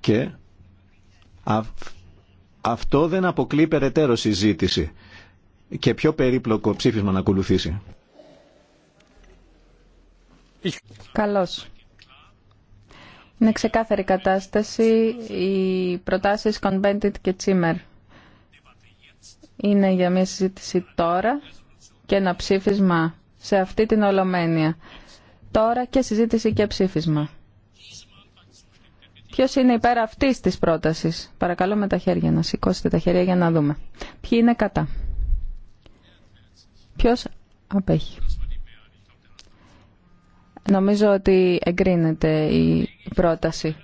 και αυτό δεν αποκλεί περαιτέρω συζήτηση και πιο περίπλοκο ψήφισμα να ακολουθήσει. Καλώς. Είναι ξεκάθαρη κατάσταση. Οι προτάσεις Convented και Τσίμερ είναι για μια συζήτηση τώρα και ένα ψήφισμα σε αυτή την Ολομένεια. Τώρα και συζήτηση και ψήφισμα. Ποιο είναι υπέρ αυτή τη πρότασης. Παρακαλώ με τα χέρια να σηκώσετε τα χέρια για να δούμε. Ποιοι είναι κατά. Ποιο απέχει. Νομίζω ότι εγκρίνεται η πρόταση.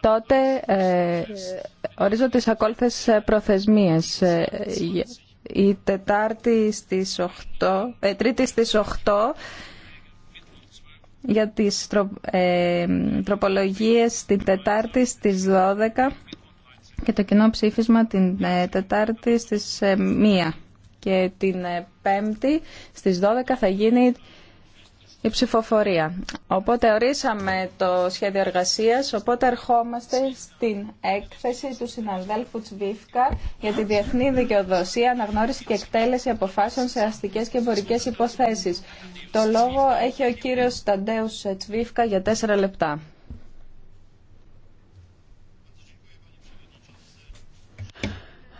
Τότε ε, ορίζω τις ακόλουθες προθεσμίες. Ε, η Τετάρτη στις 8, ε, Τρίτη στις 8 για τις τρο, ε, τροπολογίες την Τετάρτη στις 12 και το κοινό ψήφισμα την ε, Τετάρτη στις ε, 1 και την ε, Πέμπτη στις 12 θα γίνει η ψηφοφορία. Οπότε ορίσαμε το σχέδιο εργασίας, οπότε ερχόμαστε στην έκθεση του συναδέλφου Τσβίφκα για τη διεθνή δικαιοδοσία, αναγνώριση και εκτέλεση αποφάσεων σε αστικές και εμπορικές υποθέσεις. Το λόγο έχει ο κύριος Ταντέους Τσβίφκα για τέσσερα λεπτά.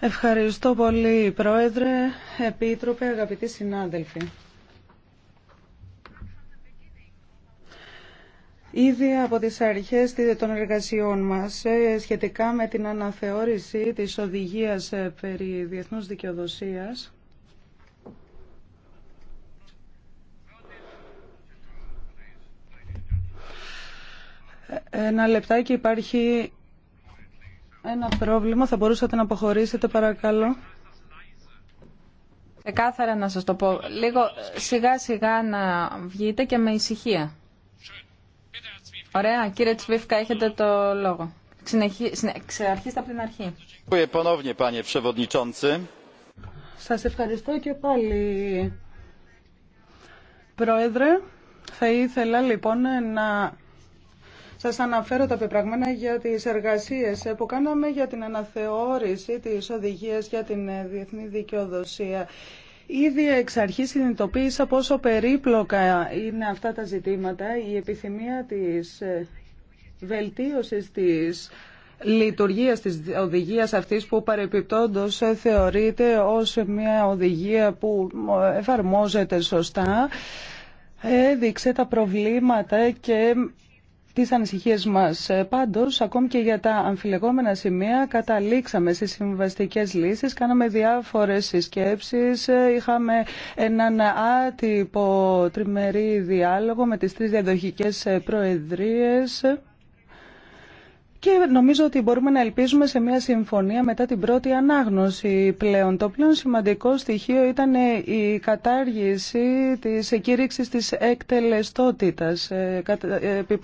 Ευχαριστώ πολύ, Πρόεδρε, Επίτροπε, αγαπητοί συνάδελφοι. Ήδη από τις αρχές των εργασιών μας ε, σχετικά με την αναθεώρηση της οδηγίας ε, περί διεθνούς δικαιοδοσίας Ένα λεπτάκι υπάρχει ένα πρόβλημα. Θα μπορούσατε να αποχωρήσετε παρακαλώ. Εκάθαρα να σας το πω. Λίγο σιγά σιγά να βγείτε και με ησυχία. Ωραία, κύριε Τσβίφκα, έχετε το λόγο. Ξεαρχίστε από την αρχή. Σας ευχαριστώ και πάλι, Πρόεδρε. Θα ήθελα λοιπόν να σας αναφέρω τα πεπραγμένα για τις εργασίες που κάναμε για την αναθεώρηση τη οδηγίας για την διεθνή δικαιοδοσία. Ήδη εξ αρχή συνειδητοποίησα πόσο περίπλοκα είναι αυτά τα ζητήματα. Η επιθυμία της ε, βελτίωσης της λειτουργία της οδηγίας αυτής που παρεπιπτόντως θεωρείται ως μια οδηγία που ε, εφαρμόζεται σωστά έδειξε τα προβλήματα και τις ανησυχίες μας. Ε, πάντως, ακόμη και για τα αμφιλεγόμενα σημεία, καταλήξαμε στις συμβαστικές λύσεις, κάναμε διάφορες συσκέψεις, ε, είχαμε έναν άτυπο τριμερή διάλογο με τις τρεις διαδοχικές ε, προεδρίες. Και νομίζω ότι μπορούμε να ελπίζουμε σε μια συμφωνία μετά την πρώτη ανάγνωση πλέον. Το πλέον σημαντικό στοιχείο ήταν η κατάργηση της εκήρυξης της εκτελεστότητας. Ε, ε, επί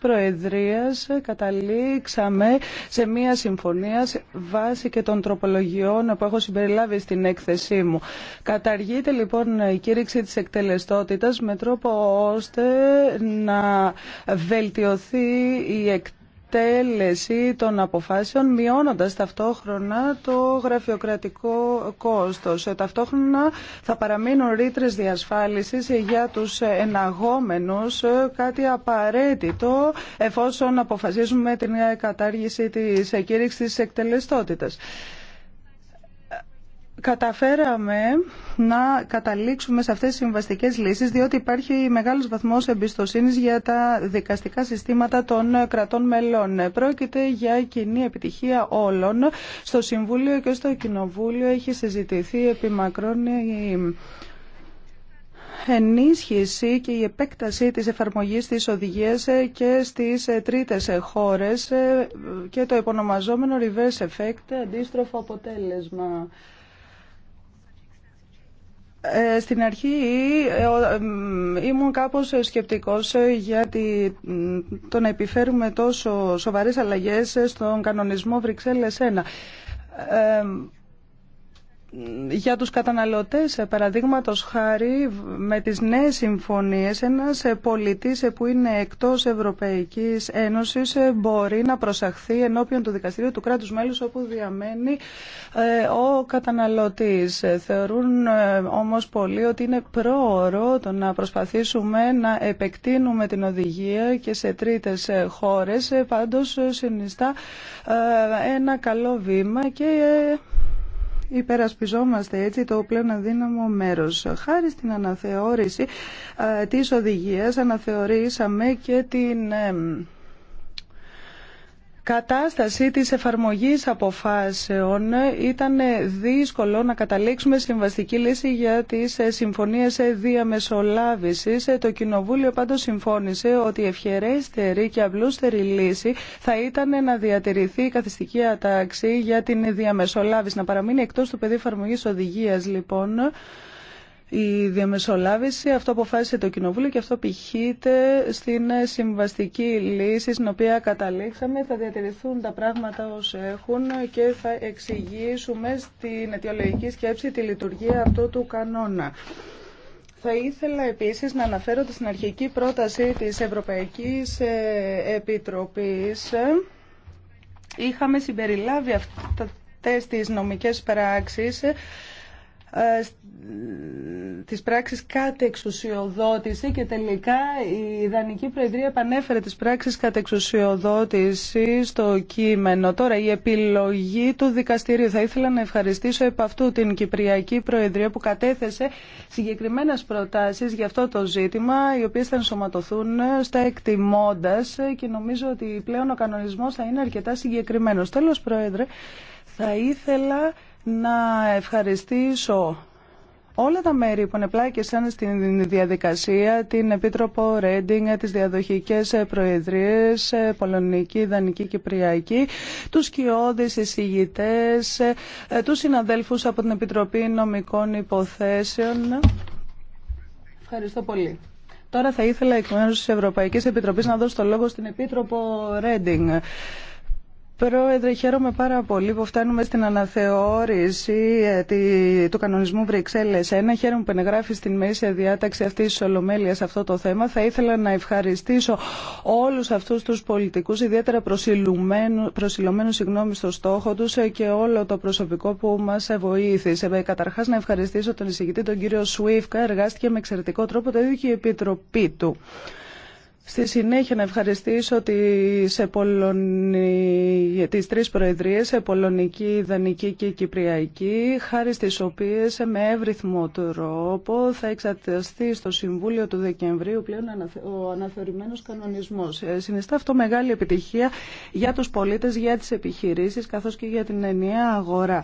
Προεδρίας καταλήξαμε σε μια συμφωνία βάσει βάση και των τροπολογιών που έχω συμπεριλάβει στην έκθεσή μου. Καταργείται λοιπόν η κήρυξη της εκτελεστότητας με τρόπο ώστε να βελτιωθεί η εκτέλεση εκτέλεση των αποφάσεων μειώνοντας ταυτόχρονα το γραφειοκρατικό κόστος. Ε, ταυτόχρονα θα παραμείνουν ρήτρε διασφάλισης για τους εναγόμενους ε, κάτι απαραίτητο εφόσον αποφασίζουμε την κατάργηση της κήρυξης της εκτελεστότητας καταφέραμε να καταλήξουμε σε αυτές τις συμβαστικές λύσεις διότι υπάρχει μεγάλος βαθμός εμπιστοσύνης για τα δικαστικά συστήματα των κρατών μελών. Πρόκειται για κοινή επιτυχία όλων. Στο Συμβούλιο και στο Κοινοβούλιο έχει συζητηθεί επί μακρόν ενίσχυση και η επέκταση της εφαρμογής της οδηγίας και στις τρίτες χώρες και το επωνομαζόμενο reverse effect, αντίστροφο αποτέλεσμα. Ε, στην αρχή ε, ε, ήμουν κάπως σκεπτικός γιατί το να επιφέρουμε τόσο σοβαρές αλλαγές στον κανονισμό Βρυξέλλες 1 για τους καταναλωτές, ε, παραδείγματο χάρη, με τις νέες συμφωνίες, ένας ε, πολιτής ε, που είναι εκτός Ευρωπαϊκής Ένωσης μπορεί να προσαχθεί ενώπιον του δικαστηρίου του κράτους μέλους όπου διαμένει ο καταναλωτής. Θεωρούν όμως πολλοί ότι είναι πρόωρο το να προσπαθήσουμε να επεκτείνουμε την οδηγία και σε τρίτες χώρες. Πάντως συνιστά ένα καλό βήμα και υπερασπιζόμαστε έτσι το πλέον αδύναμο μέρος. Χάρη στην αναθεώρηση ε, της οδηγίας αναθεωρήσαμε και την ε, κατάσταση της εφαρμογής αποφάσεων ήταν δύσκολο να καταλήξουμε συμβαστική λύση για τις συμφωνίες διαμεσολάβησης. Το Κοινοβούλιο πάντως συμφώνησε ότι η ευχερέστερη και απλούστερη λύση θα ήταν να διατηρηθεί η καθιστική ατάξη για την διαμεσολάβηση, να παραμείνει εκτός του πεδίου εφαρμογής οδηγίας λοιπόν η διαμεσολάβηση, αυτό αποφάσισε το Κοινοβούλιο και αυτό πηχείται στην συμβαστική λύση στην οποία καταλήξαμε. Θα διατηρηθούν τα πράγματα ως έχουν και θα εξηγήσουμε στην αιτιολογική σκέψη τη λειτουργία αυτού του κανόνα. Θα ήθελα επίσης να αναφέρω ότι στην αρχική πρόταση της Ευρωπαϊκής ε, Επιτροπής ε, είχαμε συμπεριλάβει αυτές τις νομικές πράξεις ε, τις πράξεις κατεξουσιοδότηση και τελικά η ιδανική προεδρία επανέφερε τις πράξεις κατεξουσιοδότηση στο κείμενο. Τώρα η επιλογή του δικαστηρίου. Θα ήθελα να ευχαριστήσω επ' αυτού την Κυπριακή Προεδρία που κατέθεσε συγκεκριμένες προτάσεις για αυτό το ζήτημα οι οποίες θα ενσωματωθούν στα εκτιμώντας και νομίζω ότι πλέον ο κανονισμός θα είναι αρκετά συγκεκριμένος. Τέλος Πρόεδρε, θα ήθελα να ευχαριστήσω όλα τα μέρη που ανεπλάκησαν στην διαδικασία, την Επίτροπο Ρέντινγκ, τις διαδοχικές προεδρίες, Πολωνική, Δανική, Κυπριακή, τους κοιόδης εισηγητές, τους συναδέλφους από την Επιτροπή Νομικών Υποθέσεων. Ευχαριστώ πολύ. Τώρα θα ήθελα εκ μέρους της Ευρωπαϊκής Επιτροπής να δώσω το λόγο στην Επίτροπο Ρέντινγκ. Πρόεδρε, χαίρομαι πάρα πολύ που φτάνουμε στην αναθεώρηση ε, του κανονισμού Βρυξέλλε 1. Χαίρομαι που εγγράφει στην μέση διάταξη αυτή τη ολομέλεια αυτό το θέμα. Θα ήθελα να ευχαριστήσω όλου αυτού του πολιτικού, ιδιαίτερα προσιλωμένου συγγνώμη στο στόχο του ε, και όλο το προσωπικό που μα βοήθησε. Ε, Καταρχά, να ευχαριστήσω τον εισηγητή, τον κύριο Σουίφκα. Εργάστηκε με εξαιρετικό τρόπο το ίδιο και η επιτροπή του. Στη συνέχεια να ευχαριστήσω τις, Πολωνι... τις τρεις προεδρίες, Πολωνική, δανική και Κυπριακή, χάρη στις οποίες με εύρυθμο τρόπο θα εξαρτηθεί στο Συμβούλιο του Δεκεμβρίου πλέον ο αναθεωρημένος κανονισμός. Ε, συνιστά αυτό μεγάλη επιτυχία για τους πολίτες, για τις επιχειρήσεις, καθώς και για την ενιαία αγορά.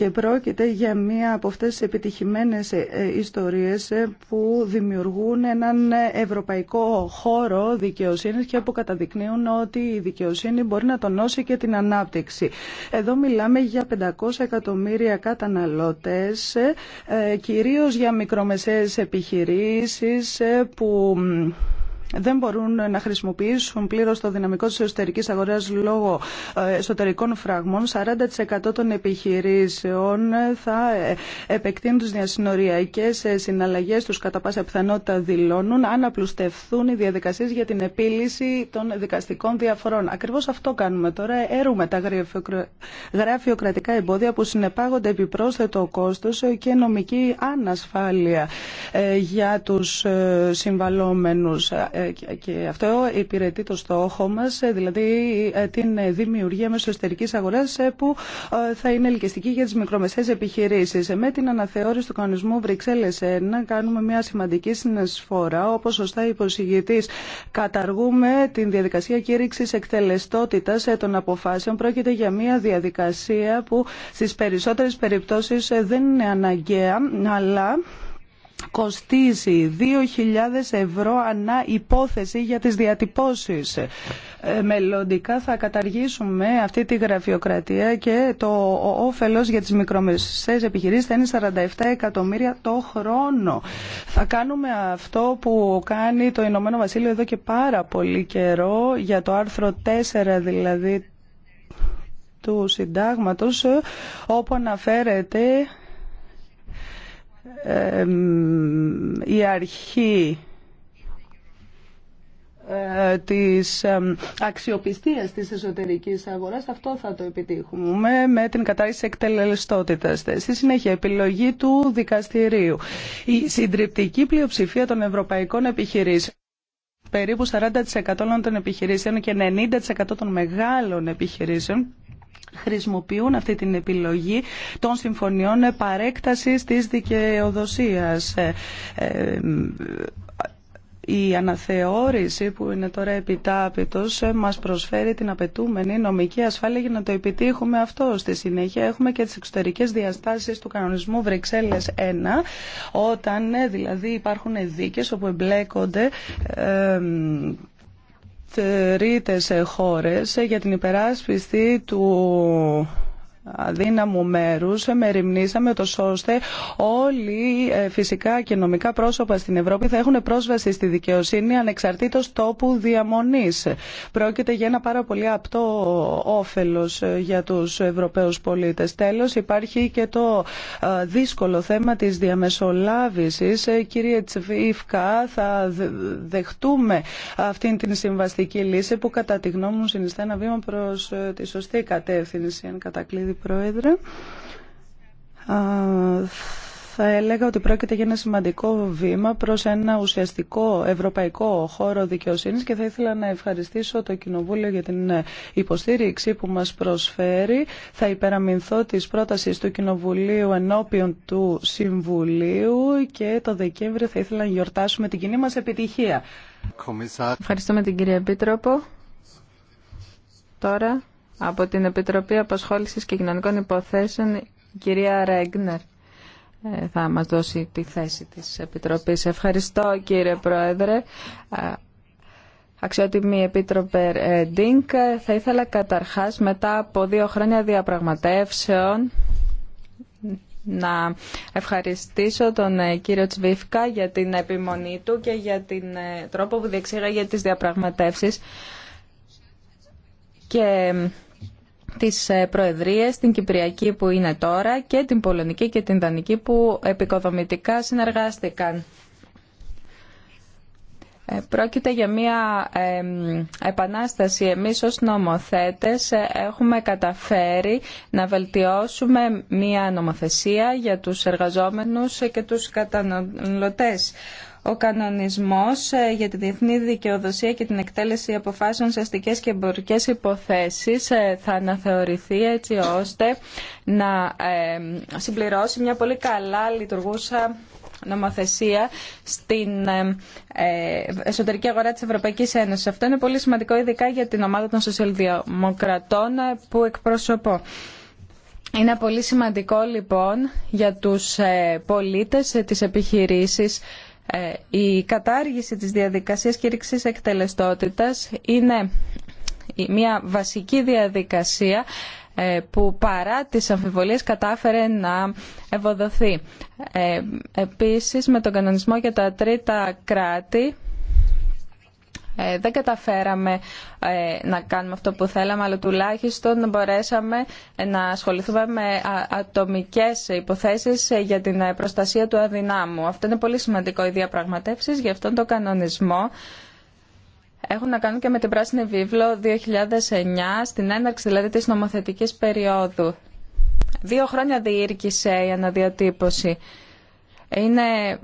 Και πρόκειται για μία από αυτές τις επιτυχημένες ε, ε, ιστορίες ε, που δημιουργούν έναν ευρωπαϊκό χώρο δικαιοσύνης και που καταδεικνύουν ότι η δικαιοσύνη μπορεί να τονώσει και την ανάπτυξη. Εδώ μιλάμε για 500 εκατομμύρια καταναλώτες, κυρίως για μικρομεσαίες επιχειρήσεις που δεν μπορούν να χρησιμοποιήσουν πλήρω το δυναμικό τη εσωτερική αγορά λόγω ε, εσωτερικών φραγμών. 40% των επιχειρήσεων ε, θα ε, επεκτείνουν τι διασυνοριακέ συναλλαγέ του κατά πάσα πιθανότητα δηλώνουν αν απλουστευθούν οι διαδικασίε για την επίλυση των δικαστικών διαφορών. Ακριβώ αυτό κάνουμε τώρα. Έρουμε τα γραφειοκρατικά εμπόδια που συνεπάγονται επιπρόσθετο κόστο και νομική ανασφάλεια για του συμβαλόμενου. Ε, και αυτό υπηρετεί το στόχο μας, ε, δηλαδή ε, την δημιουργία μέσω εσωτερικής αγοράς που θα είναι ελκυστική για τις μικρομεσαίες επιχειρήσεις. Με την αναθεώρηση του κανονισμού Βρυξέλλες 1 κάνουμε μια σημαντική συνεισφορά, όπως σωστά είπε ο συγγητή, Καταργούμε την διαδικασία κήρυξης εκτελεστότητας των αποφάσεων. Πρόκειται για μια διαδικασία που στις περισσότερες περιπτώσεις δεν είναι αναγκαία, αλλά κοστίσει 2.000 ευρώ ανά υπόθεση για τις διατυπώσεις. Ε, μελλοντικά θα καταργήσουμε αυτή τη γραφειοκρατία και το όφελος για τις μικρομεσαίες επιχειρήσεις θα είναι 47 εκατομμύρια το χρόνο. Θα κάνουμε αυτό που κάνει το Ηνωμένο Βασίλειο εδώ και πάρα πολύ καιρό για το άρθρο 4 δηλαδή του συντάγματος όπου αναφέρεται η αρχή της αξιοπιστίας της εσωτερικής αγοράς. Αυτό θα το επιτύχουμε με την κατάρριση εκτελεστότητας. Στη συνέχεια, επιλογή του δικαστηρίου. Η συντριπτική πλειοψηφία των ευρωπαϊκών επιχειρήσεων περίπου 40% των επιχειρήσεων και 90% των μεγάλων επιχειρήσεων χρησιμοποιούν αυτή την επιλογή των συμφωνιών παρέκτασης της δικαιοδοσίας. Ε, ε, η αναθεώρηση που είναι τώρα επιτάπητος μας προσφέρει την απαιτούμενη νομική ασφάλεια για να το επιτύχουμε αυτό. Στη συνέχεια έχουμε και τις εξωτερικές διαστάσεις του κανονισμού Βρυξέλλες 1 όταν ε, δηλαδή υπάρχουν δίκες όπου εμπλέκονται τρίτες χώρες για την υπεράσπιση του αδύναμου μέρους μεριμνήσαμε το ώστε όλοι ε, φυσικά και νομικά πρόσωπα στην Ευρώπη θα έχουν πρόσβαση στη δικαιοσύνη ανεξαρτήτως τόπου διαμονής. Πρόκειται για ένα πάρα πολύ απτό όφελος ε, για τους Ευρωπαίους πολίτες. Τέλος υπάρχει και το ε, δύσκολο θέμα της διαμεσολάβησης. Κύριε Τσβίφκα θα δεχτούμε αυτήν την συμβαστική λύση που κατά τη γνώμη μου συνιστά ένα βήμα προς τη σωστή κατεύθυνση Πρόεδρε. Θα έλεγα ότι πρόκειται για ένα σημαντικό βήμα προς ένα ουσιαστικό ευρωπαϊκό χώρο δικαιοσύνης και θα ήθελα να ευχαριστήσω το Κοινοβούλιο για την υποστήριξη που μας προσφέρει. Θα υπεραμεινθώ της πρότασης του Κοινοβουλίου ενώπιον του Συμβουλίου και το Δεκέμβριο θα ήθελα να γιορτάσουμε την κοινή μας επιτυχία. Ευχαριστούμε την κυρία Επίτροπο. Τώρα από την Επιτροπή Απασχόλησης και Κοινωνικών Υποθέσεων, η κυρία Ρέγκνερ ε, θα μας δώσει τη θέση της Επιτροπής. Ευχαριστώ κύριε Πρόεδρε. Αξιότιμη Επίτροπε Ντίνκ, θα ήθελα καταρχάς μετά από δύο χρόνια διαπραγματεύσεων να ευχαριστήσω τον ε, κύριο Τσβίφκα για την επιμονή του και για την ε, τρόπο που διεξήγαγε τις διαπραγματεύσεις και τις ε, προεδρίες, την Κυπριακή που είναι τώρα και την Πολωνική και την Δανική που επικοδομητικά συνεργάστηκαν. Ε, πρόκειται για μια επανάσταση. Εμείς ως νομοθέτες ε, έχουμε καταφέρει να βελτιώσουμε μια νομοθεσία για τους εργαζόμενους και τους καταναλωτές ο κανονισμός ε, για τη διεθνή δικαιοδοσία και την εκτέλεση αποφάσεων σε αστικές και εμπορικές υποθέσεις ε, θα αναθεωρηθεί έτσι ώστε να ε, συμπληρώσει μια πολύ καλά λειτουργούσα νομοθεσία στην εσωτερική αγορά της Ευρωπαϊκής Ένωσης. Αυτό είναι πολύ σημαντικό ειδικά για την ομάδα των σοσιαλδημοκρατών που εκπροσωπώ. Είναι πολύ σημαντικό λοιπόν για τους πολίτες, τις επιχειρήσεις ε, η κατάργηση της διαδικασίας κήρυξης εκτελεστότητας είναι μια βασική διαδικασία ε, που παρά τις αμφιβολίες κατάφερε να ευοδοθεί. Ε, επίσης, με τον κανονισμό για τα τρίτα κράτη ε, δεν καταφέραμε ε, να κάνουμε αυτό που θέλαμε, αλλά τουλάχιστον μπορέσαμε να ασχοληθούμε με ατομικές υποθέσεις ε, για την προστασία του αδυνάμου. Αυτό είναι πολύ σημαντικό οι διαπραγματεύσεις για αυτόν τον κανονισμό. Έχουν να κάνουν και με την Πράσινη Βίβλο 2009, στην έναρξη δηλαδή της νομοθετικής περίοδου. Δύο χρόνια διήρκησε η αναδιατύπωση. Είναι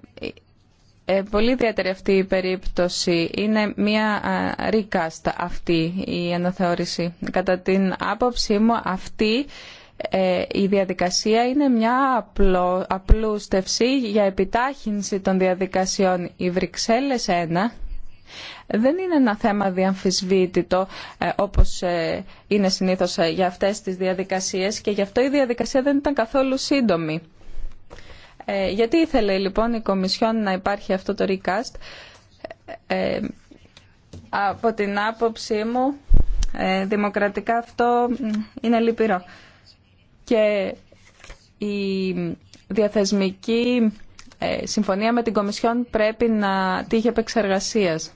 ε, πολύ ιδιαίτερη αυτή η περίπτωση. Είναι μια ρικάστα αυτή η αναθεώρηση. Κατά την άποψή μου αυτή ε, η διαδικασία είναι μια απλό, απλούστευση για επιτάχυνση των διαδικασιών. Η Βρυξέλλες 1 δεν είναι ένα θέμα διαμφισβήτητο ε, όπως είναι συνήθως για αυτές τις διαδικασίες και γι' αυτό η διαδικασία δεν ήταν καθόλου σύντομη. Ε, γιατί ήθελε λοιπόν η Κομισιόν να υπάρχει αυτό το recast. Ε, από την άποψή μου, ε, δημοκρατικά αυτό είναι λυπηρό. Και η διαθεσμική συμφωνία με την Κομισιόν πρέπει να τύχει επεξεργασίας.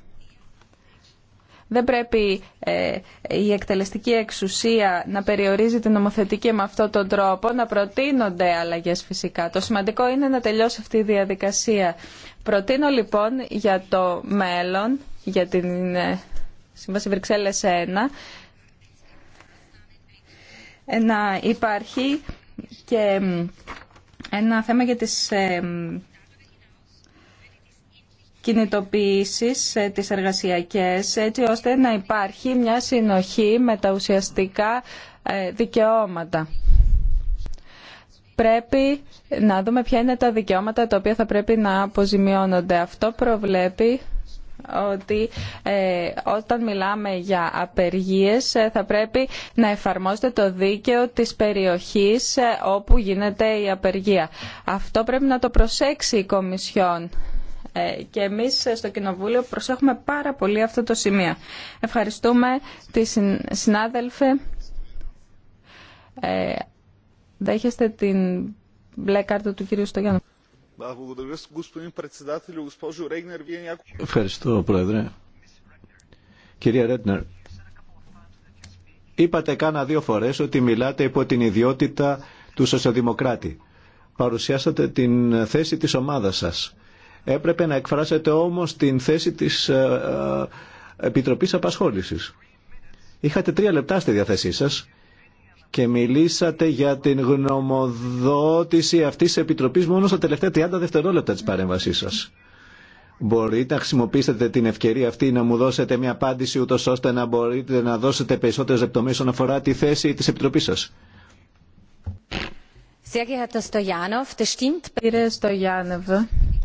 Δεν πρέπει ε, η εκτελεστική εξουσία να περιορίζει την νομοθετική με αυτόν τον τρόπο, να προτείνονται αλλαγέ φυσικά. Το σημαντικό είναι να τελειώσει αυτή η διαδικασία. Προτείνω λοιπόν για το μέλλον, για την ε, Σύμβαση Βρυξέλλες 1, να υπάρχει και ένα θέμα για τις ε, κινητοποιήσεις ε, τις εργασιακές έτσι ώστε να υπάρχει μια συνοχή με τα ουσιαστικά ε, δικαιώματα. Πρέπει να δούμε ποια είναι τα δικαιώματα τα οποία θα πρέπει να αποζημιώνονται. Αυτό προβλέπει ότι ε, όταν μιλάμε για απεργίες θα πρέπει να εφαρμόζεται το δίκαιο της περιοχής όπου γίνεται η απεργία. Αυτό πρέπει να το προσέξει η Κομισιόν ε, και εμείς στο Κοινοβούλιο προσέχουμε πάρα πολύ αυτό το σημείο. Ευχαριστούμε τη συνάδελφε. Ε, δέχεστε την μπλε κάρτα του κυρίου Στογιάννου. Ευχαριστώ, Πρόεδρε. Κυρία Ρέτνερ, είπατε κάνα δύο φορές ότι μιλάτε υπό την ιδιότητα του σοσιαλδημοκράτη. Παρουσιάσατε την θέση της ομάδας σας. Έπρεπε να εκφράσετε όμως την θέση της ε, ε, Επιτροπής Απασχόλησης. Είχατε τρία λεπτά στη διαθέσή σας και μιλήσατε για την γνωμοδότηση αυτής της Επιτροπής μόνο στα τελευταία 30 δευτερόλεπτα της παρέμβασής σας. Μπορείτε να χρησιμοποιήσετε την ευκαιρία αυτή να μου δώσετε μια απάντηση ούτω ώστε να μπορείτε να δώσετε περισσότερε λεπτομέρειες όσον αφορά τη θέση της Επιτροπής σας. Κύριε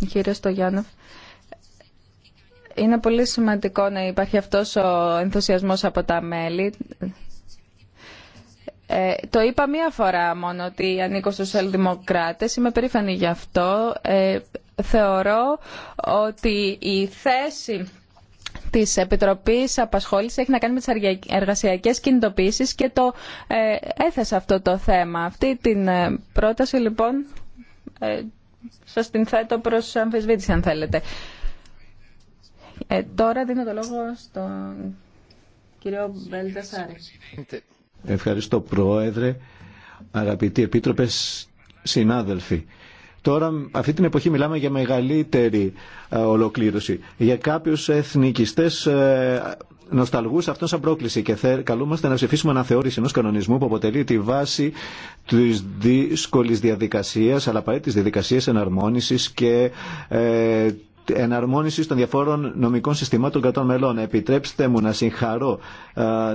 κύριε Στογιάννοφ. Είναι πολύ σημαντικό να υπάρχει αυτός ο ενθουσιασμός από τα μέλη. Ε, το είπα μία φορά μόνο ότι ανήκω στους Σελδημοκράτες, είμαι περήφανη γι' αυτό. Ε, θεωρώ ότι η θέση της Επιτροπής Απασχόλησης έχει να κάνει με τις εργασιακές κινητοποίησεις και το ε, έθεσα αυτό το θέμα. Αυτή την ε, πρόταση λοιπόν ε, σας την θέτω προς αμφισβήτηση αν θέλετε. Ε, τώρα δίνω το λόγο στον κύριο Μπελτασάρη. Ευχαριστώ Πρόεδρε, αγαπητοί επίτροπες, συνάδελφοι. Τώρα, αυτή την εποχή μιλάμε για μεγαλύτερη ε, ολοκλήρωση. Για κάποιους εθνικιστές ε, νοσταλγού αυτό σαν πρόκληση και θε, καλούμαστε να ψηφίσουμε αναθεώρηση ενό κανονισμού που αποτελεί τη βάση τη δύσκολη διαδικασία, αλλά απαραίτητη τη διαδικασία εναρμόνιση και ε, εναρμόνιση των διαφόρων νομικών συστημάτων κρατών μελών. Επιτρέψτε μου να συγχαρώ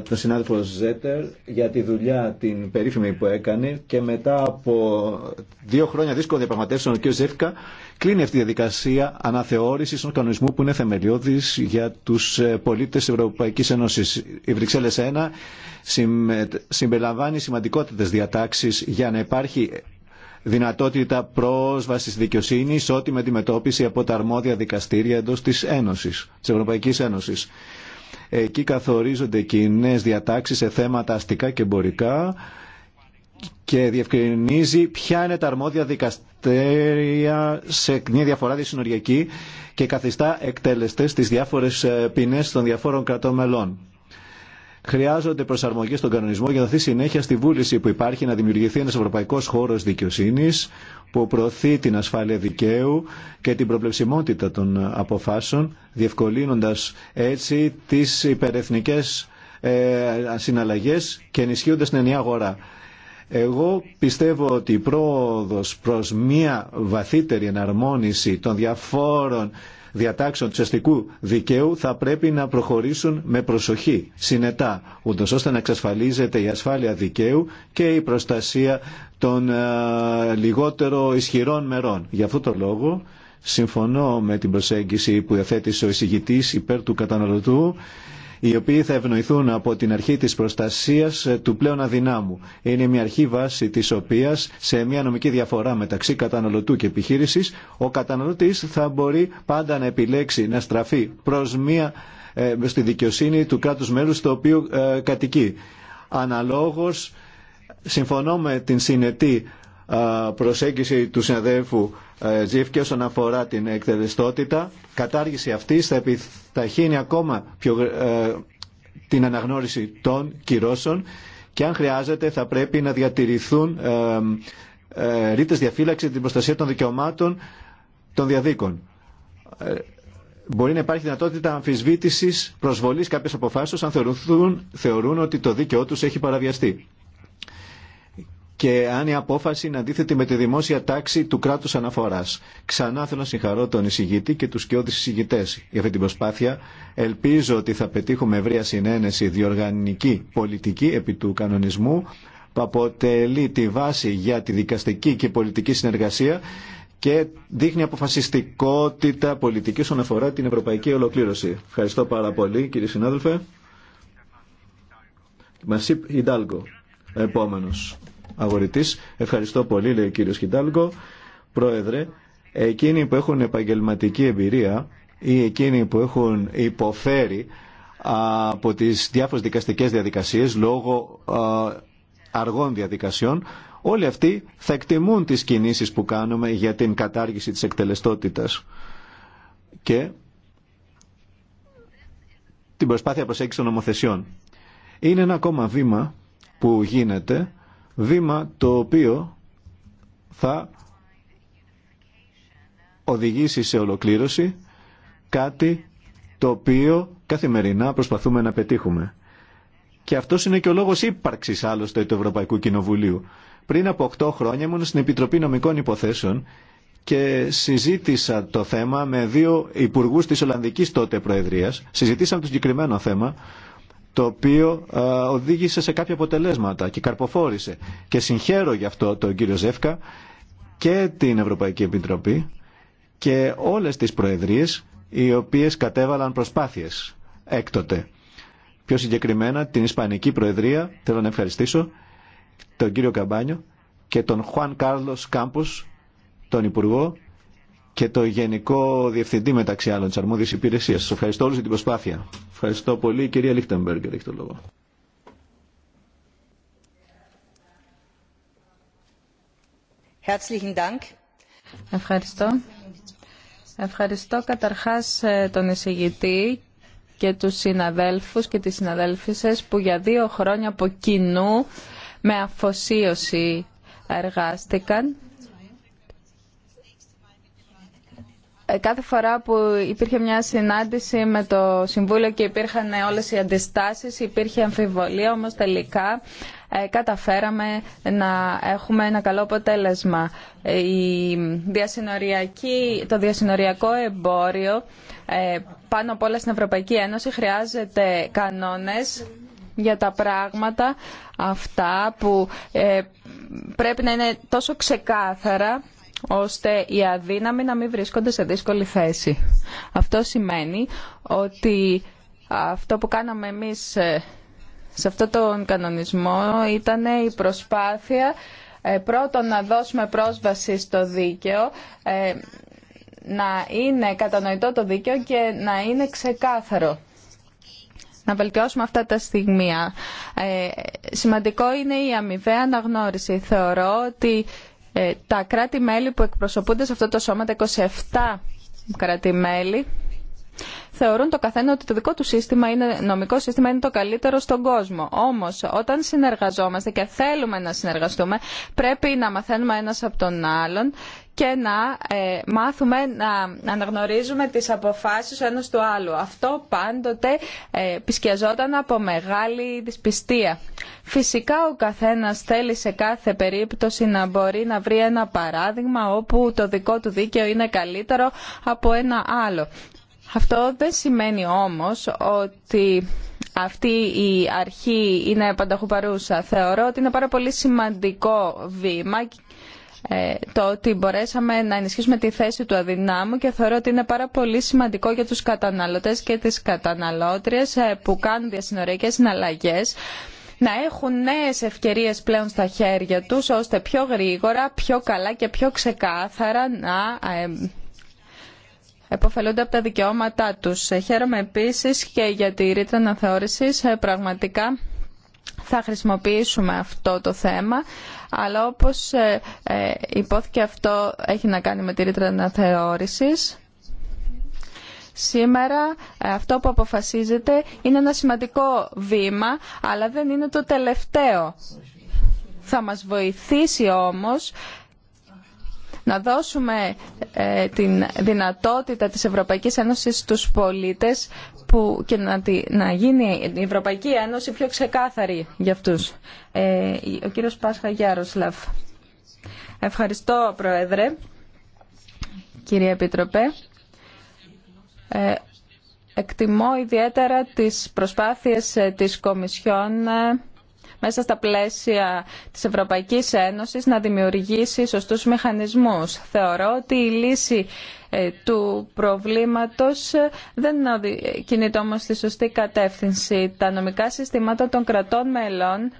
τον συνάδελφο Ζέτερ για τη δουλειά την περίφημη που έκανε και μετά από δύο χρόνια δύσκολων διαπραγματεύσεων ο κ. Ζεύκα κλείνει αυτή η διαδικασία αναθεώρηση των κανονισμού που είναι θεμελιώδη για του ε, πολίτε τη Ευρωπαϊκή Ένωση. Η Βρυξέλλε 1 συμπεριλαμβάνει σημαντικότητε διατάξει για να υπάρχει δυνατότητα πρόσβασης δικαιοσύνη με αντιμετώπιση από τα αρμόδια δικαστήρια εντός της Ένωσης, της Ευρωπαϊκής Ένωσης. Εκεί καθορίζονται κοινέ διατάξεις σε θέματα αστικά και εμπορικά και διευκρινίζει ποια είναι τα αρμόδια δικαστήρια σε μια διαφορά δυσυνοριακή και καθιστά εκτελεστές τις διάφορες ε, ποινές των διαφόρων κρατών μελών. Χρειάζονται προσαρμογή στον κανονισμό για να δοθεί συνέχεια στη βούληση που υπάρχει να δημιουργηθεί ένα ευρωπαϊκό χώρο δικαιοσύνη που προωθεί την ασφάλεια δικαίου και την προβλεψιμότητα των αποφάσεων, διευκολύνοντα έτσι τι υπερεθνικέ ε, συναλλαγέ και ενισχύοντα την ενιαία αγορά. Εγώ πιστεύω ότι η πρόοδος προς μια βαθύτερη εναρμόνιση των διαφόρων διατάξεων του αστικού δικαίου θα πρέπει να προχωρήσουν με προσοχή, συνετά, ούτω ώστε να εξασφαλίζεται η ασφάλεια δικαίου και η προστασία των ε, λιγότερο ισχυρών μερών. Γι' αυτό τον λόγο συμφωνώ με την προσέγγιση που διαθέτησε ο εισηγητής υπέρ του καταναλωτού οι οποίοι θα ευνοηθούν από την αρχή της προστασίας ε, του πλέον αδυνάμου. Είναι μια αρχή βάση της οποίας σε μια νομική διαφορά μεταξύ καταναλωτού και επιχείρησης ο καταναλωτής θα μπορεί πάντα να επιλέξει να στραφεί προς μια ε, στη δικαιοσύνη του κράτους μέλους στο οποίο ε, κατοικεί. Αναλόγως συμφωνώ με την συνετή προσέγγιση του συναδέλφου ε, Ζήφκη όσον αφορά την εκτελεστότητα. Κατάργηση αυτή θα επιταχύνει ακόμα πιο, ε, την αναγνώριση των κυρώσεων και αν χρειάζεται θα πρέπει να διατηρηθούν ε, ρήτε διαφύλαξης διαφύλαξη την προστασία των δικαιωμάτων των διαδίκων. Μπορεί να υπάρχει δυνατότητα αμφισβήτηση προσβολής κάποιε αποφάσεις αν θεωρούν, θεωρούν ότι το δίκαιό του έχει παραβιαστεί και αν η απόφαση είναι αντίθετη με τη δημόσια τάξη του κράτους αναφοράς. Ξανά θέλω να συγχαρώ τον εισηγητή και τους σκιώδεις εισηγητές για αυτή την προσπάθεια. Ελπίζω ότι θα πετύχουμε ευρεία συνένεση διοργανική πολιτική επί του κανονισμού που αποτελεί τη βάση για τη δικαστική και πολιτική συνεργασία και δείχνει αποφασιστικότητα πολιτική όσον αφορά την ευρωπαϊκή ολοκλήρωση. Ευχαριστώ πάρα πολύ κύριε συνάδελφε. Μασίπ Ιντάλγκο, επόμενος. Ευχαριστώ πολύ, λέει ο κύριο Χιντάλγκο. Πρόεδρε, εκείνοι που έχουν επαγγελματική εμπειρία ή εκείνοι που έχουν υποφέρει από τις διάφορες δικαστικές διαδικασίες λόγω αργών διαδικασιών, όλοι αυτοί θα εκτιμούν τις κινήσεις που κάνουμε για την κατάργηση της εκτελεστότητας και την προσπάθεια προσέγγισης των νομοθεσιών. Είναι ένα ακόμα βήμα που γίνεται βήμα το οποίο θα οδηγήσει σε ολοκλήρωση κάτι το οποίο καθημερινά προσπαθούμε να πετύχουμε. Και αυτό είναι και ο λόγο ύπαρξη άλλωστε του Ευρωπαϊκού Κοινοβουλίου. Πριν από 8 χρόνια ήμουν στην Επιτροπή Νομικών Υποθέσεων και συζήτησα το θέμα με δύο υπουργού τη Ολλανδική τότε Προεδρία. Συζητήσαμε το συγκεκριμένο θέμα το οποίο ε, οδήγησε σε κάποια αποτελέσματα και καρποφόρησε. Και συγχαίρω γι' αυτό τον κύριο Ζεύκα και την Ευρωπαϊκή Επιτροπή και όλες τις προεδρίες οι οποίες κατέβαλαν προσπάθειες έκτοτε. Πιο συγκεκριμένα την Ισπανική Προεδρία, θέλω να ευχαριστήσω, τον κύριο Καμπάνιο και τον Χουάν Κάρλος Κάμπος, τον Υπουργό και το Γενικό Διευθυντή μεταξύ άλλων τη αρμόδια υπηρεσία. Σα ευχαριστώ όλου για την προσπάθεια. Ευχαριστώ πολύ. Κυρία Λίχτεμπεργκερ, έχει το λόγο. Ευχαριστώ. Ευχαριστώ καταρχάς ε, τον εισηγητή και τους συναδέλφους και τις συναδέλφισες που για δύο χρόνια από κοινού με αφοσίωση εργάστηκαν κάθε φορά που υπήρχε μια συνάντηση με το Συμβούλιο και υπήρχαν όλες οι αντιστάσεις, υπήρχε αμφιβολία, όμως τελικά ε, καταφέραμε να έχουμε ένα καλό αποτέλεσμα. Η διασυνοριακή, το διασυνοριακό εμπόριο ε, πάνω απ' όλα στην Ευρωπαϊκή Ένωση χρειάζεται κανόνες για τα πράγματα αυτά που ε, πρέπει να είναι τόσο ξεκάθαρα ώστε οι αδύναμοι να μην βρίσκονται σε δύσκολη θέση. Αυτό σημαίνει ότι αυτό που κάναμε εμείς ε, σε αυτό τον κανονισμό ήταν η προσπάθεια ε, πρώτον να δώσουμε πρόσβαση στο δίκαιο, ε, να είναι κατανοητό το δίκαιο και να είναι ξεκάθαρο. Να βελτιώσουμε αυτά τα στιγμία. Σημαντικό είναι η αμοιβαία αναγνώριση. Θεωρώ ότι ε, τα κράτη-μέλη που εκπροσωπούνται σε αυτό το σώμα, τα 27 κράτη-μέλη, θεωρούν το καθένα ότι το δικό του σύστημα είναι, νομικό σύστημα είναι το καλύτερο στον κόσμο. Όμω, όταν συνεργαζόμαστε και θέλουμε να συνεργαστούμε, πρέπει να μαθαίνουμε ένα από τον άλλον και να ε, μάθουμε να αναγνωρίζουμε τις αποφάσεις ο του άλλου. Αυτό πάντοτε ε, πισκιαζόταν από μεγάλη δυσπιστία. Φυσικά ο καθένας θέλει σε κάθε περίπτωση να μπορεί να βρει ένα παράδειγμα όπου το δικό του δίκαιο είναι καλύτερο από ένα άλλο. Αυτό δεν σημαίνει όμως ότι αυτή η αρχή είναι πανταχού παρούσα. Θεωρώ ότι είναι πάρα πολύ σημαντικό βήμα ε, το ότι μπορέσαμε να ενισχύσουμε τη θέση του αδυνάμου και θεωρώ ότι είναι πάρα πολύ σημαντικό για τους καταναλωτές και τις καταναλώτριες ε, που κάνουν διασυνοριακές συναλλαγές να έχουν νέες ευκαιρίες πλέον στα χέρια τους ώστε πιο γρήγορα, πιο καλά και πιο ξεκάθαρα να ε, εποφελούνται από τα δικαιώματά τους. Ε, χαίρομαι επίσης και για τη ρήτρα αναθεώρησης. Ε, πραγματικά θα χρησιμοποιήσουμε αυτό το θέμα, αλλά όπως ε, υπόθηκε αυτό έχει να κάνει με τη ρήτρα αναθεώρησης. Σήμερα αυτό που αποφασίζεται είναι ένα σημαντικό βήμα, αλλά δεν είναι το τελευταίο. Θα μας βοηθήσει όμως να δώσουμε ε, την δυνατότητα της Ευρωπαϊκής Ένωσης στους πολίτες που, και να, να γίνει η Ευρωπαϊκή Ένωση πιο ξεκάθαρη για αυτούς. Ε, ο κύριος Πάσχα Γιάροσλαφ. Ευχαριστώ, Πρόεδρε, κύριε Επιτροπέ. Ε, εκτιμώ ιδιαίτερα τις προσπάθειες της Κομισιόν μέσα στα πλαίσια της Ευρωπαϊκής Ένωσης να δημιουργήσει σωστούς μηχανισμούς. Θεωρώ ότι η λύση ε, του προβλήματος ε, δεν κινείται όμως στη σωστή κατεύθυνση. Τα νομικά συστήματα των κρατών μελών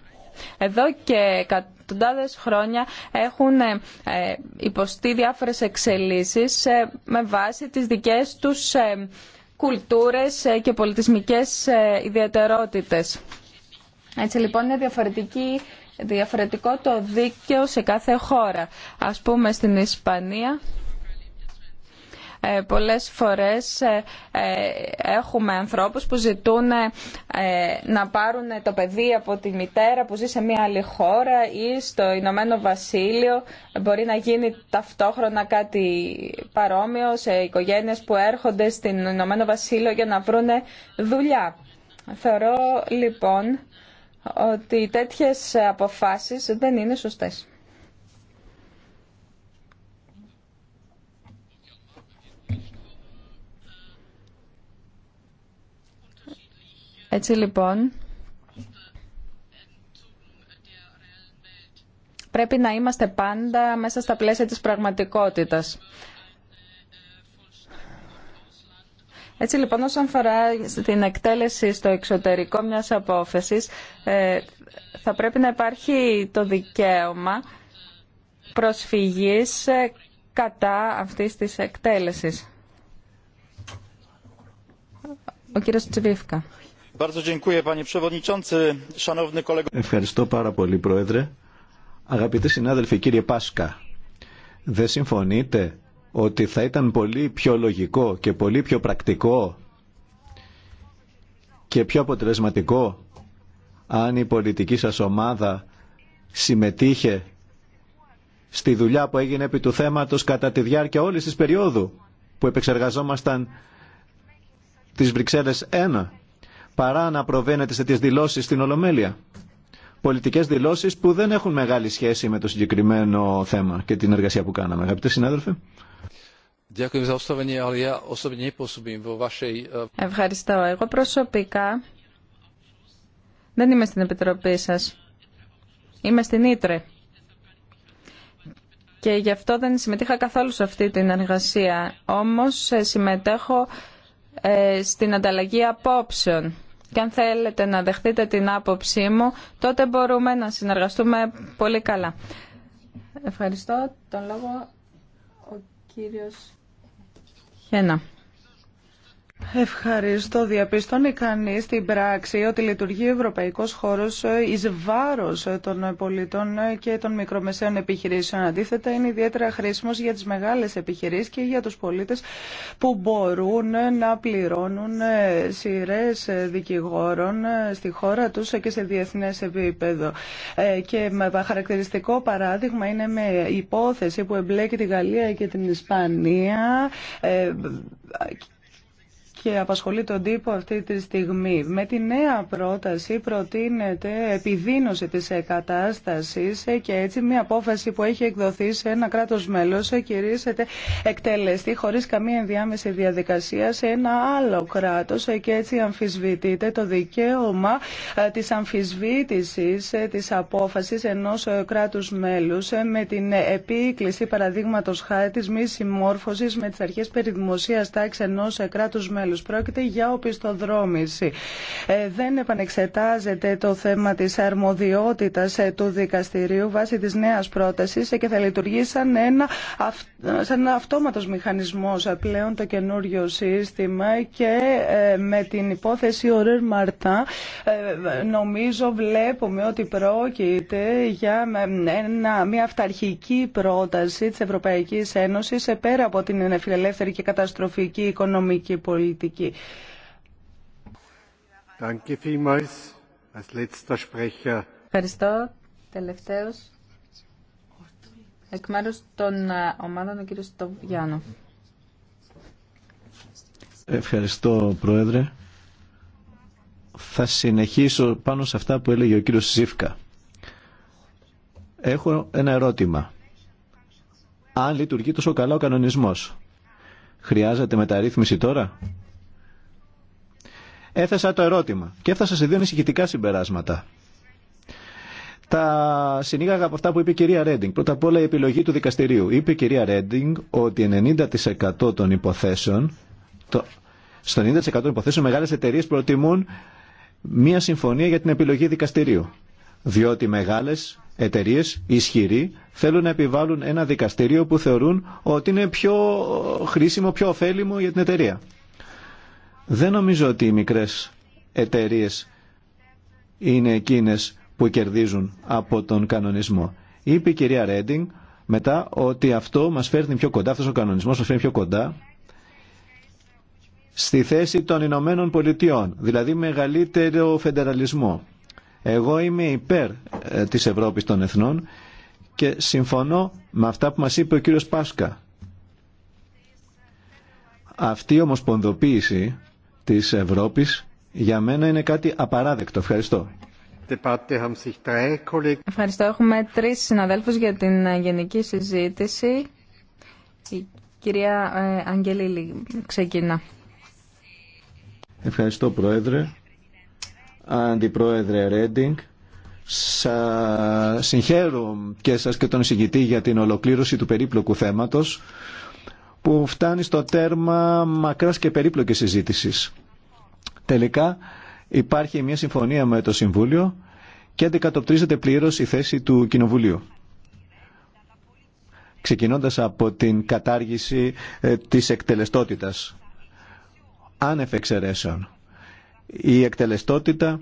εδώ και εκατοντάδες χρόνια έχουν ε, υποστεί διάφορες εξελίσεις με βάση τις δικές τους κουλτούρες και πολιτισμικές ιδιαιτερότητες. Έτσι λοιπόν είναι διαφορετικό το δίκαιο σε κάθε χώρα. Ας πούμε στην Ισπανία ε, πολλές φορές ε, ε, έχουμε ανθρώπους που ζητούν να πάρουν το παιδί από τη μητέρα που ζει σε μια άλλη χώρα ή στο Ηνωμένο Βασίλειο. Μπορεί να γίνει ταυτόχρονα κάτι παρόμοιο σε οικογένειες που έρχονται στην Ηνωμένο Βασίλειο για να βρουν δουλειά. Θεωρώ λοιπόν ότι τέτοιες αποφάσεις δεν είναι σωστές. Έτσι λοιπόν, πρέπει να είμαστε πάντα μέσα στα πλαίσια της πραγματικότητας. Έτσι λοιπόν όσον αφορά την εκτέλεση στο εξωτερικό μιας απόφασης ε, θα πρέπει να υπάρχει το δικαίωμα προσφυγής ε, κατά αυτής της εκτέλεσης. Ο κύριος Τσιβίφκα. Ευχαριστώ πάρα πολύ Πρόεδρε. Αγαπητοί συνάδελφοι, κύριε Πάσκα, δεν συμφωνείτε ότι θα ήταν πολύ πιο λογικό και πολύ πιο πρακτικό και πιο αποτελεσματικό αν η πολιτική σας ομάδα συμμετείχε στη δουλειά που έγινε επί του θέματος κατά τη διάρκεια όλης της περίοδου που επεξεργαζόμασταν τις Βρυξέλλες 1 παρά να προβαίνετε σε τις δηλώσεις στην Ολομέλεια πολιτικές δηλώσεις που δεν έχουν μεγάλη σχέση με το συγκεκριμένο θέμα και την εργασία που κάναμε. Αγαπητέ συνάδελφοι. E, Ευχαριστώ. Εγώ προσωπικά δεν είμαι στην Επιτροπή σας. Είμαι στην Ήτρε. Και γι' αυτό δεν συμμετείχα καθόλου σε αυτή την εργασία. Όμως ε, συμμετέχω ε, στην ανταλλαγή απόψεων και αν θέλετε να δεχτείτε την άποψή μου, τότε μπορούμε να συνεργαστούμε πολύ καλά. Ευχαριστώ. Τον λόγο ο κύριος Χένα. Ευχαριστώ. Διαπιστώνει κανεί στην πράξη ότι λειτουργεί ο Ευρωπαϊκό χώρο ει βάρο των πολιτών και των μικρομεσαίων επιχειρήσεων. Αντίθετα, είναι ιδιαίτερα χρήσιμο για τι μεγάλε επιχειρήσει και για του πολίτε που μπορούν να πληρώνουν σειρέ δικηγόρων στη χώρα του και σε διεθνέ επίπεδο. Ε, και με χαρακτηριστικό παράδειγμα είναι με υπόθεση που εμπλέκει τη Γαλλία και την Ισπανία ε, και απασχολεί τον τύπο αυτή τη στιγμή. Με τη νέα πρόταση προτείνεται επιδείνωση της κατάσταση και έτσι μια απόφαση που έχει εκδοθεί σε ένα κράτος μέλος κηρύσσεται εκτελεστή χωρίς καμία ενδιάμεση διαδικασία σε ένα άλλο κράτος και έτσι αμφισβητείται το δικαίωμα ε, της αμφισβήτησης ε, της απόφασης ενός ε, κράτους μέλους με την επίκληση παραδείγματος χάρη της μη συμμόρφωσης με τις αρχές περιδημοσίας τάξη ενός κράτους μέλους. Πρόκειται για οπισθοδρόμηση. Ε, δεν επανεξετάζεται το θέμα της αρμοδιότητας ε, του δικαστηρίου βάσει της νέας πρότασης και θα λειτουργεί σαν ένα, ένα αυτόματος μηχανισμός ε, πλέον το καινούριο σύστημα και με την υπόθεση Ωρέρ Μαρτά νομίζω βλέπουμε ότι πρόκειται για ένα, μια αυταρχική πρόταση της Ευρωπαϊκής Ένωσης πέρα από την ελεύθερη και καταστροφική οικονομική πολιτική πολιτική. Ευχαριστώ. Τελευταίος. Εκ μέρους των ε, ομάδων, ο κύριος Στοβιάνο. Ευχαριστώ, Πρόεδρε. Θα συνεχίσω πάνω σε αυτά που έλεγε ο κύριος Σίφκα. Έχω ένα ερώτημα. Αν λειτουργεί τόσο καλά ο κανονισμός, χρειάζεται μεταρρύθμιση τώρα Έθεσα το ερώτημα και έφτασα σε δύο ανησυχητικά συμπεράσματα. Τα συνήγαγα από αυτά που είπε η κυρία Ρέντινγκ. Πρώτα απ' όλα η επιλογή του δικαστηρίου. Είπε η κυρία Ρέντινγκ ότι 90% των υποθέσεων, το, στο 90% των υποθέσεων μεγάλες εταιρείε προτιμούν μία συμφωνία για την επιλογή δικαστηρίου. Διότι μεγάλε εταιρείε ισχυροί θέλουν να επιβάλλουν ένα δικαστήριο που θεωρούν ότι είναι πιο χρήσιμο, πιο ωφέλιμο για την εταιρεία. Δεν νομίζω ότι οι μικρές εταιρείε είναι εκείνες που κερδίζουν από τον κανονισμό. Είπε η κυρία Ρέντινγκ μετά ότι αυτό μας φέρνει πιο κοντά, αυτός ο κανονισμός μας φέρνει πιο κοντά στη θέση των Ηνωμένων Πολιτειών, δηλαδή μεγαλύτερο φεντεραλισμό. Εγώ είμαι υπέρ ε, της Ευρώπης των Εθνών και συμφωνώ με αυτά που μας είπε ο κύριος Πάσκα. Αυτή η ομοσπονδοποίηση της Ευρώπης για μένα είναι κάτι απαράδεκτο. Ευχαριστώ. Ευχαριστώ. Έχουμε τρεις συναδέλφους για την ε, γενική συζήτηση. Η κυρία ε, Αγγελίλη ξεκινά. Ευχαριστώ Πρόεδρε. Αντιπρόεδρε Ρέντινγκ. Σα συγχαίρω και σας και τον συγκητή για την ολοκλήρωση του περίπλοκου θέματος που φτάνει στο τέρμα μακράς και περίπλοκης συζήτησης. Τελικά υπάρχει μια συμφωνία με το Συμβούλιο και αντικατοπτρίζεται πλήρως η θέση του Κοινοβουλίου ξεκινώντας από την κατάργηση ε, της εκτελεστότητας άνευ εξαιρέσεων. Η εκτελεστότητα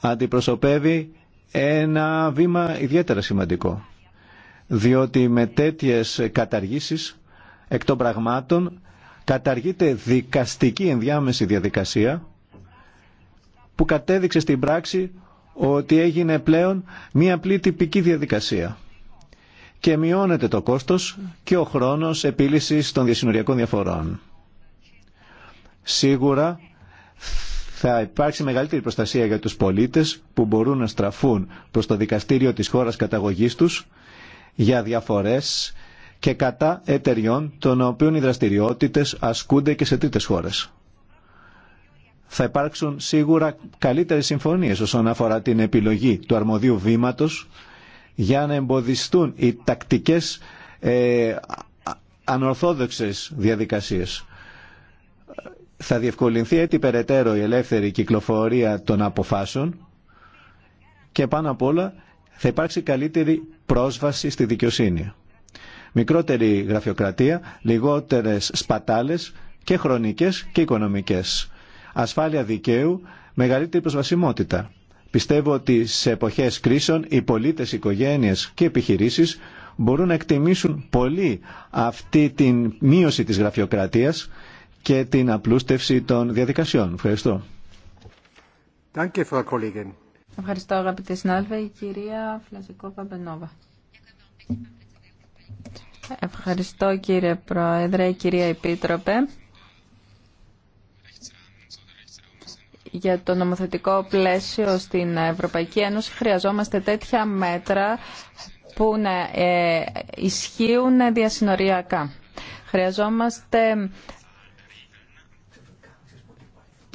αντιπροσωπεύει ένα βήμα ιδιαίτερα σημαντικό, διότι με τέτοιες καταργήσεις Εκ των πραγμάτων καταργείται δικαστική ενδιάμεση διαδικασία που κατέδειξε στην πράξη ότι έγινε πλέον μία απλή τυπική διαδικασία και μειώνεται το κόστος και ο χρόνος επίλυσης των διασυνοριακών διαφορών. Σίγουρα θα υπάρξει μεγαλύτερη προστασία για τους πολίτες που μπορούν να στραφούν προς το δικαστήριο της χώρας καταγωγής τους για διαφορές και κατά εταιριών των οποίων οι δραστηριότητες ασκούνται και σε τρίτες χώρες. Θα υπάρξουν σίγουρα καλύτερες συμφωνίες όσον αφορά την επιλογή του αρμοδίου βήματος για να εμποδιστούν οι τακτικές ε, ανορθόδοξες διαδικασίες. Θα διευκολυνθεί έτσι περαιτέρω η ελεύθερη κυκλοφορία των αποφάσεων και πάνω απ' όλα θα υπάρξει καλύτερη πρόσβαση στη δικαιοσύνη. Μικρότερη γραφειοκρατία, λιγότερες σπατάλες και χρονικές και οικονομικές. Ασφάλεια δικαίου, μεγαλύτερη προσβασιμότητα. Πιστεύω ότι σε εποχές κρίσεων οι πολίτες, οι οικογένειες και επιχειρήσεις μπορούν να εκτιμήσουν πολύ αυτή την μείωση της γραφειοκρατίας και την απλούστευση των διαδικασιών. Ευχαριστώ. Ευχαριστώ αγαπητή Η κυρία Παμπενόβα. Ευχαριστώ κύριε Πρόεδρε, κυρία Επίτροπε. Για το νομοθετικό πλαίσιο στην Ευρωπαϊκή Ένωση χρειαζόμαστε τέτοια μέτρα που να ε, ισχύουν διασυνοριακά. Χρειαζόμαστε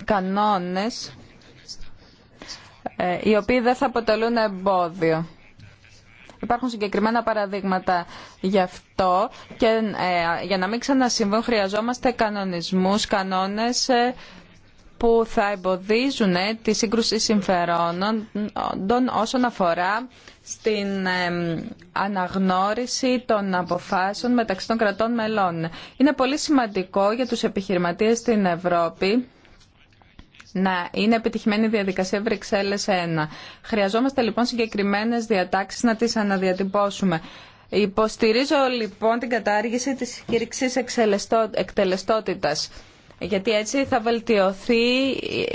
κανόνες ε, οι οποίοι δεν θα αποτελούν εμπόδιο. Υπάρχουν συγκεκριμένα παραδείγματα γι' αυτό και ε, για να μην ξανασυμβούν χρειαζόμαστε κανονισμούς, κανόνες ε, που θα εμποδίζουν ε, τη σύγκρουση συμφερόνων όσον αφορά στην αναγνώριση των αποφάσεων μεταξύ των κρατών μελών. Είναι πολύ σημαντικό για τους επιχειρηματίες στην Ευρώπη να είναι επιτυχημένη η διαδικασία Βρυξέλλες 1. Χρειαζόμαστε λοιπόν συγκεκριμένες διατάξεις να τις αναδιατυπώσουμε. Υποστηρίζω λοιπόν την κατάργηση της κήρυξης εκτελεστότητας γιατί έτσι θα βελτιωθεί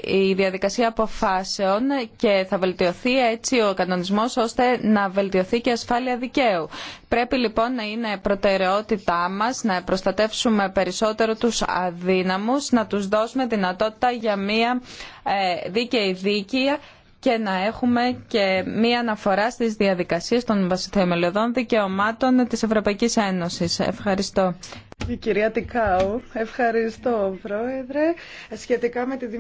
η διαδικασία αποφάσεων και θα βελτιωθεί έτσι ο κανονισμός ώστε να βελτιωθεί και η ασφάλεια δικαίου. Πρέπει λοιπόν να είναι προτεραιότητά μας να προστατεύσουμε περισσότερο τους αδύναμους, να τους δώσουμε δυνατότητα για μια ε, δίκαιη δίκαια και να έχουμε και μία αναφορά στις διαδικασίες των θεμελιωδών δικαιωμάτων της Ευρωπαϊκής Ένωσης. Ευχαριστώ. Η κυρία Τικάου, ευχαριστώ Πρόεδρε. Σχετικά με, τη,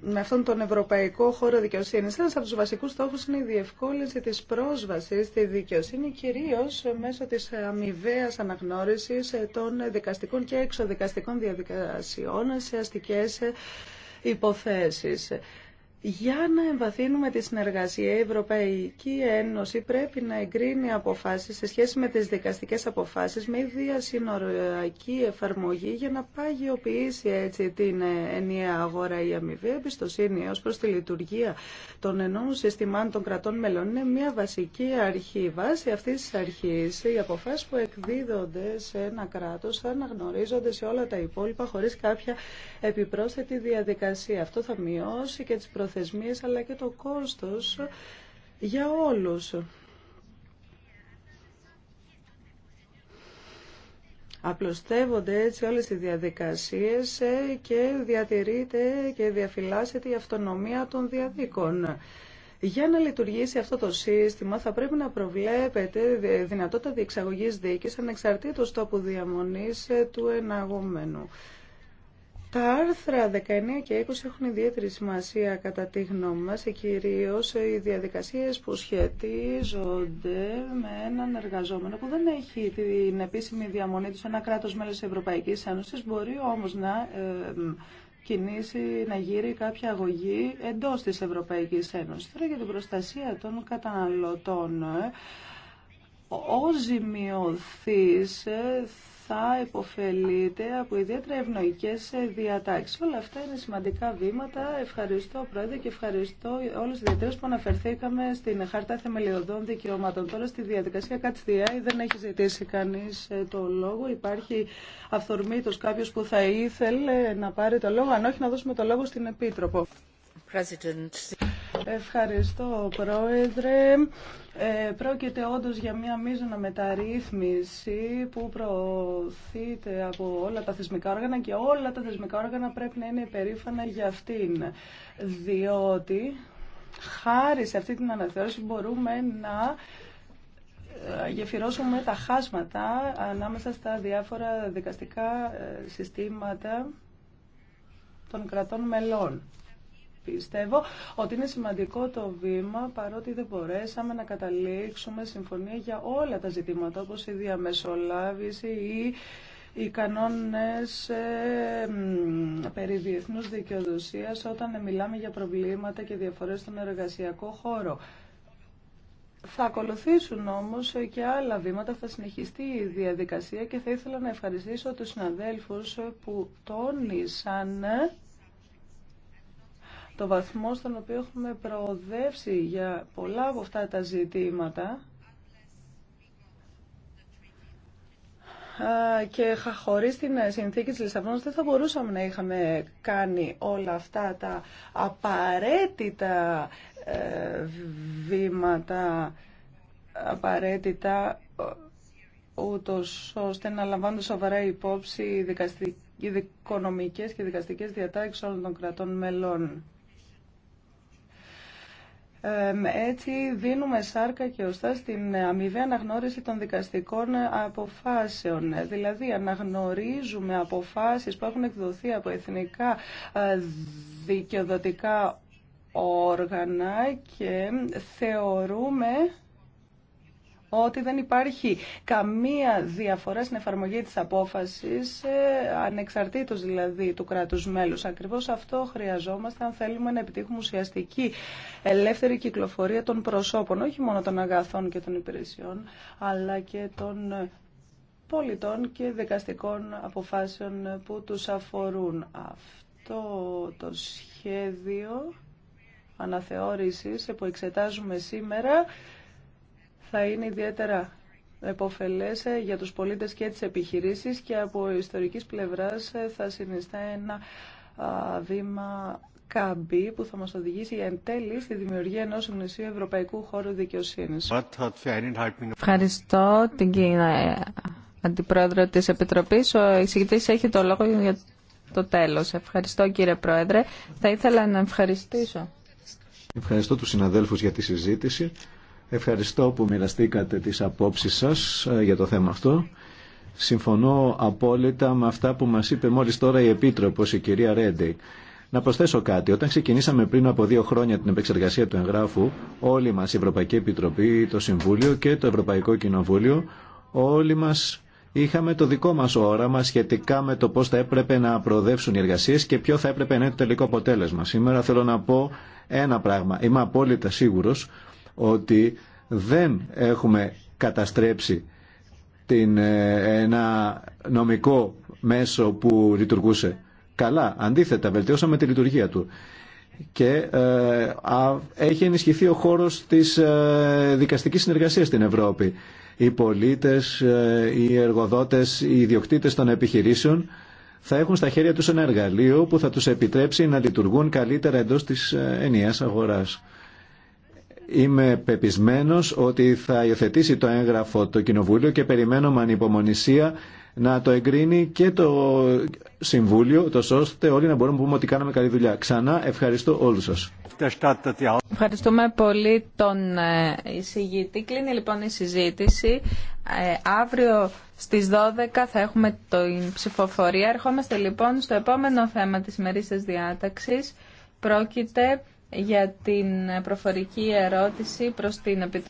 με αυτόν τον Ευρωπαϊκό χώρο δικαιοσύνης, ένας από τους βασικούς στόχους είναι η διευκόλυνση της πρόσβασης στη δικαιοσύνη, κυρίως μέσω της αμοιβαία αναγνώρισης των δικαστικών και εξοδικαστικών διαδικασιών σε αστικές υποθέσεις. Για να εμβαθύνουμε τη συνεργασία, η Ευρωπαϊκή Ένωση πρέπει να εγκρίνει αποφάσεις σε σχέση με τις δικαστικές αποφάσεις με ίδια συνοριακή εφαρμογή για να παγιοποιήσει έτσι την ενιαία αγορά η αμοιβή εμπιστοσύνη ως προς τη λειτουργία των ενών συστημάτων των κρατών μελών. Είναι μια βασική αρχή. Βάσει αυτής της αρχής οι αποφάσεις που εκδίδονται σε ένα κράτος θα αναγνωρίζονται σε όλα τα υπόλοιπα χωρίς κάποια επιπρόσθετη διαδικασία. Αυτό θα μειώσει και τις προθέσεις προθεσμίες αλλά και το κόστος για όλους. Απλωστεύονται έτσι όλες οι διαδικασίες ε, και διατηρείται και διαφυλάσσεται η αυτονομία των διαδίκων. Για να λειτουργήσει αυτό το σύστημα θα πρέπει να προβλέπετε δυνατότητα διεξαγωγής δίκης ανεξαρτήτως τόπου διαμονής ε, του εναγωμένου. Τα άρθρα 19 και 20 έχουν ιδιαίτερη σημασία κατά τη γνώμη μας, κυρίως οι διαδικασίες που σχετίζονται με έναν εργαζόμενο που δεν έχει την επίσημη διαμονή του σε ένα κράτος μέλος της Ευρωπαϊκής Ένωσης, μπορεί όμως να κινήσει, να γύρει κάποια αγωγή εντός της Ευρωπαϊκής Ένωσης. Τώρα για την προστασία των καταναλωτών, θα υποφελείται από ιδιαίτερα ευνοϊκέ διατάξει. Όλα αυτά είναι σημαντικά βήματα. Ευχαριστώ, Πρόεδρε, και ευχαριστώ όλους του ιδιαίτερου που αναφερθήκαμε στην Χάρτα Θεμελιωδών Δικαιωμάτων. Τώρα στη διαδικασία Κατστιάη δεν έχει ζητήσει κανείς ε, το λόγο. Υπάρχει αυθορμήτω κάποιο που θα ήθελε να πάρει το λόγο, αν όχι να δώσουμε το λόγο στην Επίτροπο. Ευχαριστώ, Πρόεδρε. Ε, πρόκειται όντω για μια μείζωνα μεταρρύθμιση που προωθείται από όλα τα θεσμικά όργανα και όλα τα θεσμικά όργανα πρέπει να είναι υπερήφανα για αυτήν, διότι χάρη σε αυτή την αναθεώρηση μπορούμε να ε, γεφυρώσουμε τα χάσματα ανάμεσα στα διάφορα δικαστικά ε, συστήματα των κρατών μελών. Πιστεύω ότι είναι σημαντικό το βήμα παρότι δεν μπορέσαμε να καταλήξουμε συμφωνία για όλα τα ζητήματα όπως η διαμεσολάβηση ή οι κανόνες ε, περί διεθνούς δικαιοδοσίας όταν μιλάμε για προβλήματα και διαφορές στον εργασιακό χώρο. Θα ακολουθήσουν όμως και άλλα βήματα, θα συνεχιστεί η διαδικασία και θα ήθελα να ευχαριστήσω τους συναδέλφους που τόνισαν το βαθμό στον οποίο έχουμε προοδεύσει για πολλά από αυτά τα ζητήματα και χωρίς την συνθήκη της Λισαβόνας δεν θα μπορούσαμε να είχαμε κάνει όλα αυτά τα απαραίτητα ε, βήματα απαραίτητα ούτως ώστε να λαμβάνουν σοβαρά υπόψη οι οικονομικέ και δικαστικές διατάξεις όλων των κρατών μελών έτσι δίνουμε σάρκα και οστά στην αμοιβή αναγνώριση των δικαστικών αποφάσεων. Δηλαδή αναγνωρίζουμε αποφάσεις που έχουν εκδοθεί από εθνικά ε, δικαιοδοτικά όργανα και θεωρούμε ότι δεν υπάρχει καμία διαφορά στην εφαρμογή της απόφασης, ε, ανεξαρτήτως δηλαδή του κράτους μέλους. Ακριβώς αυτό χρειαζόμαστε αν θέλουμε να επιτύχουμε ουσιαστική ελεύθερη κυκλοφορία των προσώπων, όχι μόνο των αγαθών και των υπηρεσιών, αλλά και των πολιτών και δικαστικών αποφάσεων που τους αφορούν. Αυτό το σχέδιο αναθεώρησης που εξετάζουμε σήμερα θα είναι ιδιαίτερα επωφελές ε, για τους πολίτες και τις επιχειρήσεις και από ιστορικής πλευράς ε, θα συνιστά ένα βήμα καμπή που θα μας οδηγήσει εν τέλει στη δημιουργία ενός γνωσίου ευρωπαϊκού χώρου δικαιοσύνης. Ευχαριστώ την κυρία ε, Αντιπρόεδρο της Επιτροπής. Ο εισηγητής έχει το λόγο για το τέλος. Ευχαριστώ κύριε Πρόεδρε. Θα ήθελα να ευχαριστήσω. Ευχαριστώ τους συναδέλφους για τη συζήτηση. Ευχαριστώ που μοιραστήκατε τις απόψεις σας ε, για το θέμα αυτό. Συμφωνώ απόλυτα με αυτά που μας είπε μόλις τώρα η Επίτροπος, η κυρία Ρέντι, Να προσθέσω κάτι. Όταν ξεκινήσαμε πριν από δύο χρόνια την επεξεργασία του εγγράφου, όλοι μας, η Ευρωπαϊκή Επιτροπή, το Συμβούλιο και το Ευρωπαϊκό Κοινοβούλιο, όλοι μας είχαμε το δικό μας όραμα σχετικά με το πώς θα έπρεπε να προοδεύσουν οι εργασίες και ποιο θα έπρεπε να είναι το τελικό αποτέλεσμα. Σήμερα θέλω να πω ένα πράγμα. Είμαι απόλυτα σίγουρος ότι δεν έχουμε καταστρέψει την, ε, ένα νομικό μέσο που λειτουργούσε. Καλά, αντίθετα, βελτιώσαμε τη λειτουργία του. Και ε, α, έχει ενισχυθεί ο χώρος της ε, δικαστικής συνεργασίας στην Ευρώπη. Οι πολίτες, ε, οι εργοδότες, οι ιδιοκτήτες των επιχειρήσεων θα έχουν στα χέρια τους ένα εργαλείο που θα τους επιτρέψει να λειτουργούν καλύτερα εντός της ενιαίας αγοράς. Είμαι πεπισμένος ότι θα υιοθετήσει το έγγραφο το Κοινοβούλιο και περιμένω με ανυπομονησία να το εγκρίνει και το Συμβούλιο, τόσο ώστε όλοι να μπορούμε να πούμε ότι κάναμε καλή δουλειά. Ξανά ευχαριστώ όλους σας. Ευχαριστούμε πολύ τον ε, εισηγητή. Κλείνει λοιπόν η συζήτηση. Ε, αύριο στις 12 θα έχουμε την ψηφοφορία. Ερχόμαστε λοιπόν στο επόμενο θέμα της ημερήσια διάταξης. Πρόκειται για την προφορική ερώτηση προς την Επιτροπή.